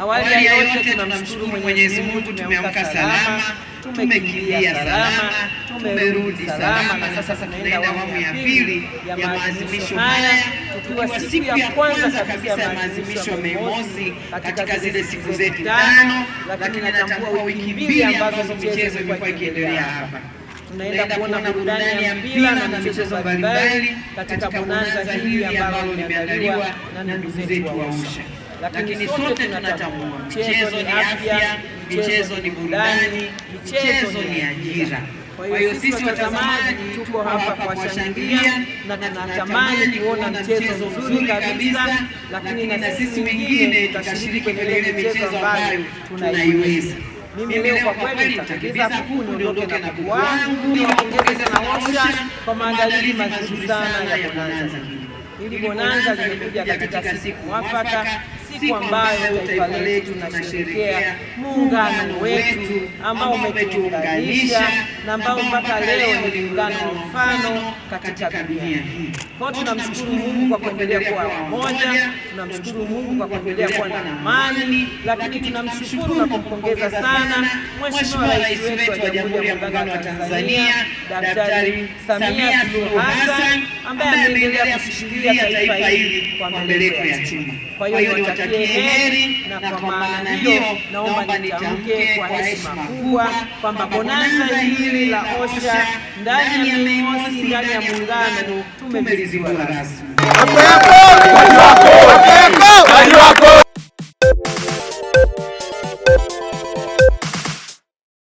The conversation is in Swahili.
Awali ya yote tunamshukuru Mwenyezi Mungu, tumeamka salama, tumekimbia salama, tumerudi salama, na sasa tunaenda awamu ya pili ya maadhimisho haya, tukiwa siku ya kwanza kabisa ya maadhimisho ya Mei Mosi katika zile siku zetu tano, lakini natambua wiki mbili ambazo michezo imekuwa ikiendelea hapa tunaenda kuona burudani ya mpira na michezo mbalimbali katika bonanza hili ambalo limeandaliwa na ndugu zetu wa Usha. Lakini sote tunatambua michezo ni afya, michezo ni burudani, michezo ni ajira. Kwa hiyo sisi watazamaji tuko hapa kuwashangilia na tunatamani kuona mchezo mzuri kabisa, lakini na sisi wengine tutashiriki kwenye ile michezo ambayo tunaiweza. Mimi leo kwa kweli nitakimbiza kuku niondoke na kuku wangu, niwapongeze sana Osha kwa maandalizi mazuri sana ya bonanza. Ili bonanza limekuja katika siku mwafaka siku ambayo taifa letu tunasherehekea muungano wetu ambao umetuunganisha na ambao mpaka leo ni muungano wa mfano katika dunia hii. Kwa tunamshukuru Mungu kwa kuendelea kuwa wamoja, tunamshukuru Mungu kwa kuendelea kuwa na amani, lakini tunamshukuru na kumpongeza sana Mheshimiwa Rais wetu wa Jamhuri ya Muungano wa Tanzania Daktari Samia Suluhu Hassan ambaye ameendelea kushikilia taifa hili kwa maendeleo ya chuma. Kwa hiyo niwatakie heri, na kwa maana hiyo naomba nitamke kwa heshima kubwa kwamba bonanza hili la OSHA ndani ya Mei Mosi ndani ya Muungano tumeliziwa rasmi.